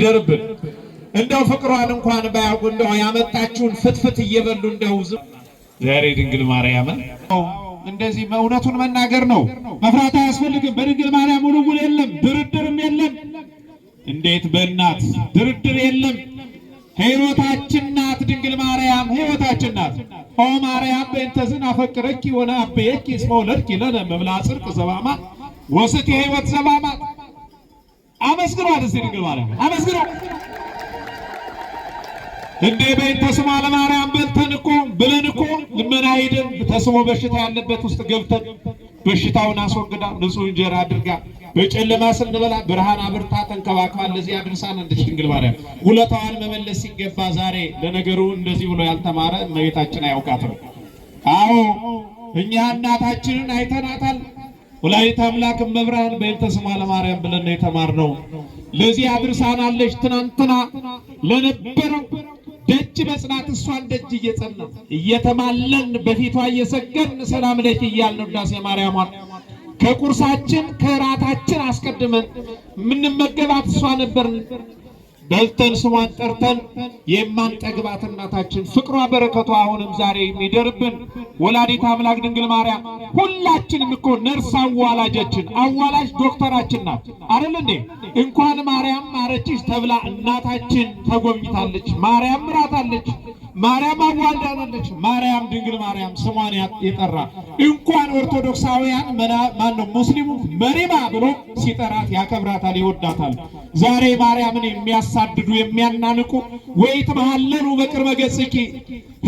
ይደርብን። እንደው ፍቅሯን እንኳን ባያውቁ እንደው ያመጣችሁን ፍትፍት እየበሉ እንደው ዝም ዛሬ ድንግል ማርያምን እንደዚህ እውነቱን መናገር ነው። መፍራት አያስፈልግም። በድንግል ማርያም ውልውል የለም፣ ድርድርም የለም። እንዴት በእናት ድርድር የለም። ሕይወታችን ናት ድንግል ማርያም፣ ሕይወታችን ናት። ኦ ማርያም በእንተ ዝናፈቅረኪ ወነአበየኪ እስመ ወለድኪ ለነ መብላ ጽድቅ ዘባማት ወስት ሕይወት ዘባማት አመስግኖ አደዚህ ድንግል ማርያም አመስግኖ እንዴ በይን ተስማ ለማርያም በልተን እኮ ብለን እኮ ልመና ሄደን ተስሞ በሽታ ያለበት ውስጥ ገብተን በሽታውን አስወግዳ ንጹሕ እንጀራ አድርጋ በጨለማ ስንበላ ብርሃን አብርታ ተንከባክባ ለዚህ አድርሳን እንደች ድንግል ማርያም ውለታዋን መመለስ ሲገባ ዛሬ ለነገሩ እንደዚህ ብሎ ያልተማረ እመቤታችን አያውቃትም። አዎ እኛ እናታችንን አይተናታል። ወላዲተ አምላክ እመብርሃን በእንተ ስማ ለማርያም ብለን ነው የተማርነው። ለዚህ አድርሳናለች። ትናንትና ለነበረው ደጅ በጽናት እሷን ደጅ እየጸና እየተማለን በፊቷ እየሰገድን ሰላም ለኪ እያልን ውዳሴ ማርያሟን ከቁርሳችን ከራታችን አስቀድመን የምንመገባት እሷ ነበር። በልተን ስሟን ጠርተን የማንጠግባት እናታችን ፍቅሯ በረከቷ አሁንም ዛሬ የሚደርብን ወላዲት አምላክ ድንግል ማርያም ሁላችንም እኮ ነርስ አዋላጃችን አዋላጅ ዶክተራችን ናት አይደል እንዴ? እንኳን ማርያም ማረችሽ ተብላ እናታችን ተጎብኝታለች። ማርያም ምራታለች። ማርያም አዋልዳናለች። ማርያም ድንግል ማርያም ስሟን የጠራ እንኳን ኦርቶዶክሳውያን ማነው ሙስሊሙ መሪማ ብሎ ሲጠራት ያከብራታል፣ ይወዳታል። ዛሬ ማርያምን የሚያሳድዱ የሚያናንቁ ወይ ተመሃለሉ በቅርበ ገጽኪ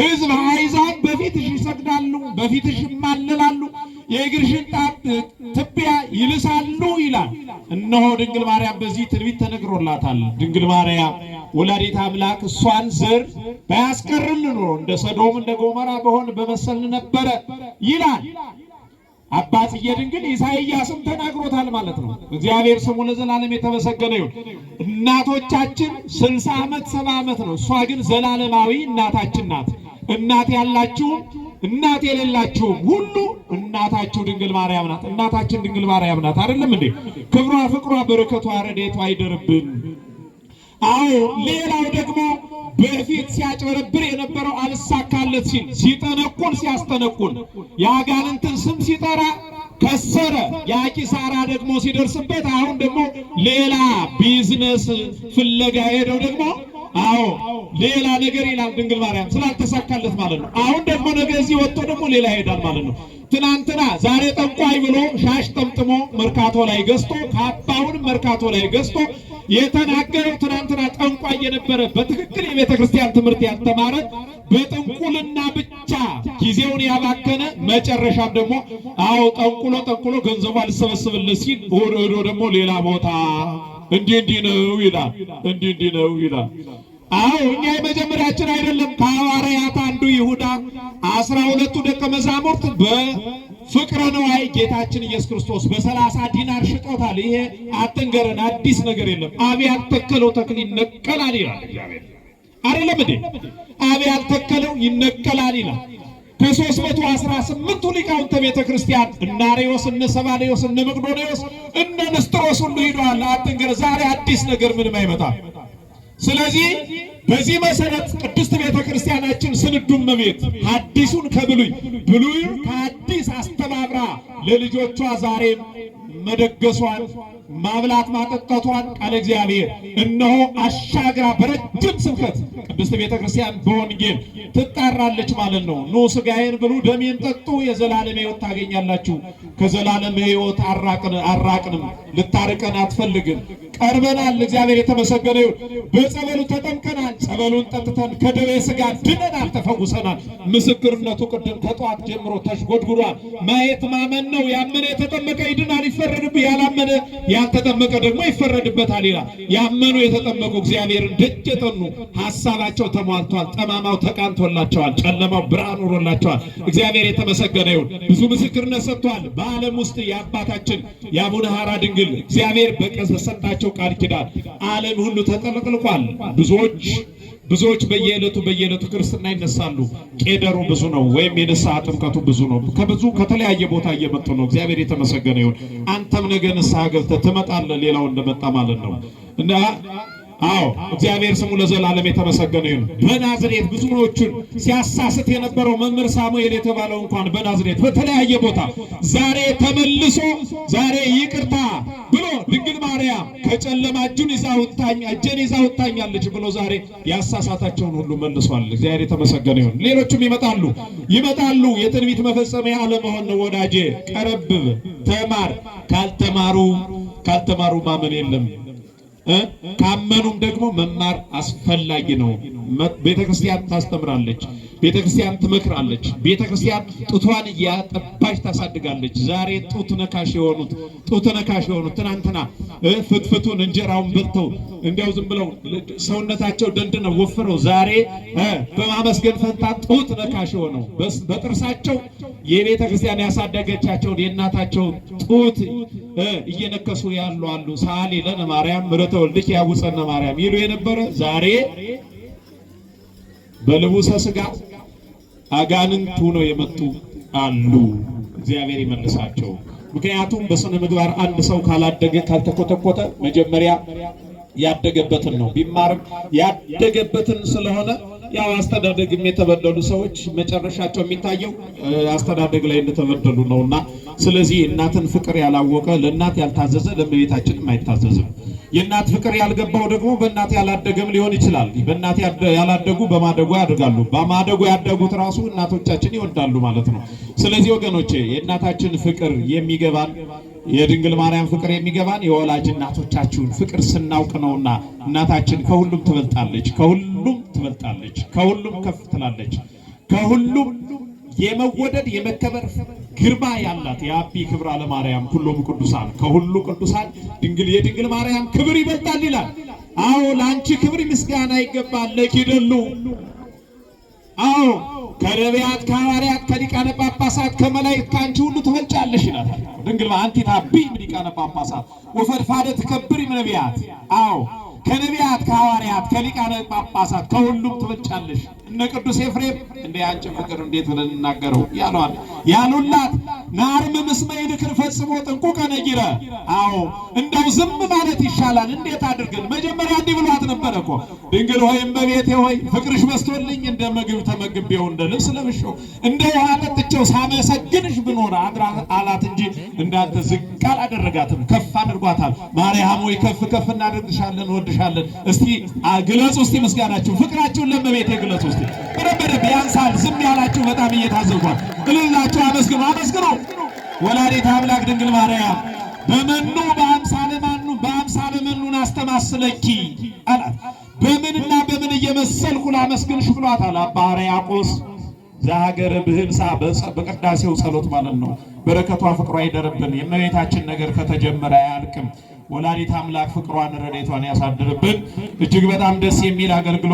ህዝብ አሕዛብ በፊትሽ ይሰግዳሉ፣ በፊትሽ ይማልላሉ፣ የእግርሽን ጣት ትቢያ ይልሳሉ ይላል እነሆ ድንግል ማርያም በዚህ ትንቢት ተነግሮላታል። ድንግል ማርያም ወላዲት አምላክ እሷን ዘር ባያስቀርልን ኖሮ እንደ ሰዶም እንደ ጎሞራ በሆን በመሰልን ነበረ ይላል አባ ጽጌ ድንግል። ኢሳይያስም ተናግሮታል ማለት ነው። እግዚአብሔር ስሙ ለዘላለም የተመሰገነ ይሁን። እናቶቻችን ስልሳ ዓመት ሰባ ዓመት ነው። እሷ ግን ዘላለማዊ እናታችን ናት። እናት ያላችሁም እናት የሌላቸውም ሁሉ እናታቸው ድንግል ማርያም ናት። እናታችን ድንግል ማርያም ናት። አይደለም እንዴ? ክብሯ፣ ፍቅሯ፣ በረከቷ፣ ረዴቷ አይደርብን። አዎ ሌላው ደግሞ በፊት ሲያጭበረብር የነበረው አልሳካለት ሲል ሲጠነቁን ሲያስጠነቁን የአጋንንትን ስም ሲጠራ ከሰረ። ያ ደግሞ ሲደርስበት አሁን ደግሞ ሌላ ቢዝነስ ፍለጋ ሄደው ደግሞ አዎ ሌላ ነገር ይላል ድንግል ማርያም ስላልተሳካለት ማለት ነው። አሁን ደግሞ ነገ እዚህ ወጥቶ ደግሞ ሌላ ይሄዳል ማለት ነው። ትናንትና ዛሬ ጠንቋይ ብሎ ሻሽ ጠምጥሞ መርካቶ ላይ ገዝቶ ካባውን መርካቶ ላይ ገዝቶ የተናገረው ትናንትና ጠንቋይ የነበረ በትክክል የቤተ ክርስቲያን ትምህርት ያልተማረ በጥንቁልና ብቻ ጊዜውን ያባከነ መጨረሻም ደግሞ አዎ ጠንቁሎ ጠንቁሎ ገንዘቡ አልሰበስብልህ ሲል ሆዶ ደግሞ ሌላ ቦታ እንዲህ እንዲህ ነው ይላል፣ እንዲህ እንዲህ ነው ይላል። አዎ እኛ የመጀመሪያችን አይደለም። ከሐዋርያት አንዱ ይሁዳ አስራ ሁለቱ ደቀ መዛሙርት በፍቅረ ነዋይ ጌታችን ኢየሱስ ክርስቶስ በሰላሳ ዲናር ሽጦታል። ይሄ አትንገረን፣ አዲስ ነገር የለም። አብያት ተከለው ተክል ይነቀላል ይላል እግዚአብሔር አይደለም እንዴ? አብ ያልተከለው ይነቀላል ይላል። ከሦስት መቶ አስራ ስምንቱ ሊቃውንተ ቤተ ክርስቲያን እነ አሬዎስ፣ እነ ሰባሌዎስ፣ እነ መቅዶኔዎስ፣ እነ ንስጥሮስ ሁሉ ሂደዋል። አትንገር ዛሬ አዲስ ነገር ምንም አይመጣም። ስለዚህ በዚህ መሰረት ቅድስት ቤተ ክርስቲያናችን ስንዱም መቤት አዲሱን ከብሉይ ብሉይ ከአዲስ አስተባብራ ለልጆቿ ዛሬም መደገሷል። ማብላት ማጠጣቷን ቃለ እግዚአብሔር እነሆ አሻግራ በረጅም ስብከት ቅድስት ቤተ ክርስቲያን በወንጌል ትጣራለች ማለት ነው። ኑ ሥጋዬን ብሉ ደሜን ጠጡ የዘላለም ሕይወት ታገኛላችሁ። ከዘላለም ሕይወት አራቅንም፣ ልታርቀን አትፈልግም። ቀርበናል። እግዚአብሔር የተመሰገነ ይሁን። በጸበሉ ተጠምቀናል። ጸበሉን ጠጥተን ከደዌ ሥጋ ድነናል፣ ተፈውሰናል። ምስክርነቱ ቅድም ከጠዋት ጀምሮ ተሽጎድጉዷል። ማየት ማመን ነው። ያመነ የተጠመቀ ይድናል፣ ይፈረድብህ ያላመነ ያልተጠመቀ ደግሞ ይፈረድበታል ይላል። ያመኑ የተጠመቁ እግዚአብሔርን ደጅ የጠኑ ሀሳባቸው ተሟልቷል። ጠማማው ተቃንቶላቸዋል። ጨለማው ብርሃን ሆኖላቸዋል። እግዚአብሔር የተመሰገነ ይሁን። ብዙ ምስክርነት ሰጥቷል። በዓለም ውስጥ የአባታችን የአቡነ ሐራ ድንግል እግዚአብሔር በቀስ በሰጣቸው ቃል ኪዳን ዓለም ሁሉ ተጠለቅልቋል። ብዙዎች ብዙዎች በየዕለቱ በየዕለቱ ክርስትና ይነሳሉ። ቄደሩ ብዙ ነው፣ ወይም የንስሐ ጥምቀቱ ብዙ ነው። ከብዙ ከተለያየ ቦታ እየመጡ ነው። እግዚአብሔር የተመሰገነ ይሁን። አንተም ነገ ንስሐ ገብተህ ትመጣለህ፣ ሌላው እንደመጣ ማለት ነው እና አዎ እግዚአብሔር ስሙ ለዘላለም የተመሰገነ ይሁን። በናዝሬት ብዙዎቹን ሲያሳስት የነበረው መምህር ሳሙኤል የተባለው እንኳን በናዝሬት በተለያየ ቦታ ዛሬ ተመልሶ ዛሬ ይቅርታ ድንግል ማርያም ከጨለማ እጁን ይዛ ወጣኝ እጄን ይዛ ወጣኛለች ብሎ ዛሬ ያሳሳታቸውን ሁሉ መልሷል። እግዚአብሔር የተመሰገነ ይሁን። ሌሎችም ይመጣሉ ይመጣሉ። የትንቢት መፈጸሚያ አለመሆን ነው ወዳጄ። ቀረብ ተማር። ካልተማሩ ካልተማሩ ማመን የለም ካመኑም ደግሞ መማር አስፈላጊ ነው። ቤተ ክርስቲያን ታስተምራለች፣ ቤተ ክርስቲያን ትመክራለች፣ ቤተ ክርስቲያን ጡቷን እያጠባች ታሳድጋለች። ዛሬ ጡት ነካሽ የሆኑት ጡት ነካሽ የሆኑት ትናንትና ፍትፍቱን እንጀራውን በልተው እንዲያው ዝም ብለው ሰውነታቸው ደንድነው ወፍረው ዛሬ በማመስገን ፈንታ ጡት ነካሽ የሆነው በጥርሳቸው የቤተ ክርስቲያን ያሳደገቻቸውን የእናታቸውን ጡት እየነከሱ ያሉ አሉ። ሳሊ ለነ ማርያም ምሕረተ ወልድኪ ያውፀነ ማርያም ይሉ የነበረ ዛሬ በልቡሰ ስጋ አጋንንቱ ነው የመጡ አሉ። እግዚአብሔር ይመልሳቸው። ምክንያቱም በስነ ምግባር አንድ ሰው ካላደገ ካልተኮተኮተ መጀመሪያ ያደገበትን ነው ቢማርም ያደገበትን ስለሆነ ያው አስተዳደግም የተበደሉ ሰዎች መጨረሻቸው የሚታየው አስተዳደግ ላይ እንደተበደሉ ነውና፣ ስለዚህ እናትን ፍቅር ያላወቀ ለእናት ያልታዘዘ ለእመቤታችንም አይታዘዝም። የእናት ፍቅር ያልገባው ደግሞ በእናት ያላደገም ሊሆን ይችላል። በእናት ያላደጉ በማደጎ ያድጋሉ፣ በማደጎ ያደጉት ራሱ እናቶቻችን ይወዳሉ ማለት ነው። ስለዚህ ወገኖቼ የእናታችን ፍቅር የሚገባን የድንግል ማርያም ፍቅር የሚገባን የወላጅ እናቶቻችሁን ፍቅር ስናውቅ ነውና እናታችን ከሁሉም ትበልጣለች፣ ከሁሉም ትበልጣለች፣ ከሁሉም ከፍ ትላለች፣ ከሁሉም የመወደድ የመከበር ግርማ ያላት የአቢ ክብራ ለማርያም ሁሉም ቅዱሳን ከሁሉ ቅዱሳን ድንግል የድንግል ማርያም ክብር ይበልጣል ይላል። አዎ ለአንቺ ክብር ምስጋና ይገባል። ለኪደሉ አዎ ከነቢያት ከሐዋርያት ከሊቃነ ጳጳሳት ከመላእክት ከአንቺ ሁሉ ትበልጫለሽ ይላታል ድንግል አንቲ ታብይ እምሊቃነ ጳጳሳት ወፈድፋደ ትከብሪ እምነቢያት አዎ ከነቢያት ከሐዋርያት ከሊቃነ ጳጳሳት ከሁሉም ትበልጫለሽ እነ ቅዱስ ኤፍሬም እንደ አንቺ ፍቅር እንዴት ብለን እናገረው ያሏል ያሉላት ናርም ምስመ ንክር ፈጽሞ ጥንቁ ከነጊረ አዎ እንደው ዝም ማለት ይሻላል። እንዴት አድርገን መጀመሪያ እንዲህ ብሏት ነበረ እኮ ድንግል ሆይ እመቤቴ ሆይ ፍቅርሽ መስቶልኝ እንደ ምግብ ተመግቤው እንደ ልብስ ለብሼው እንደ ውሃ ጠጥቼው ሳመሰግንሽ ብኖር አላት እንጂ እንዳንተ ዝቅ አላደረጋትም። ከፍ አድርጓታል። ማርያም ሆይ ከፍ ከፍ እናደርግሻለን፣ እንወድሻለን። እስቲ ግለጹ፣ እስቲ ምስጋናችሁን ፍቅራችሁን ለእመቤቴ ግለጹ። በደንብ በደንብ ያንሳል። ዝም ያላችሁ በጣም እየታዘብኳል። እልላችሁ አመስግኑ፣ አመስግኑ ወላዲተ አምላክ ድንግል ማርያም በመኑ በአምሳለ ማኑ በአምሳለ መኑን አስተማስለኪ አላት። በምንና በምን እየመሰልኩ ላመስግንሽ ብሏታል አባ ሕርያቆስ ዘሀገረ ብህንሳ በቅዳሴው ጸሎት ማለት ነው። በረከቷ ፍቅሯ ይደርብን። የእመቤታችን ነገር ከተጀመረ አያልቅም። ወላዲተ አምላክ ፍቅሯን ረድኤቷን ያሳድርብን። እጅግ በጣም ደስ የሚል አገልግሎት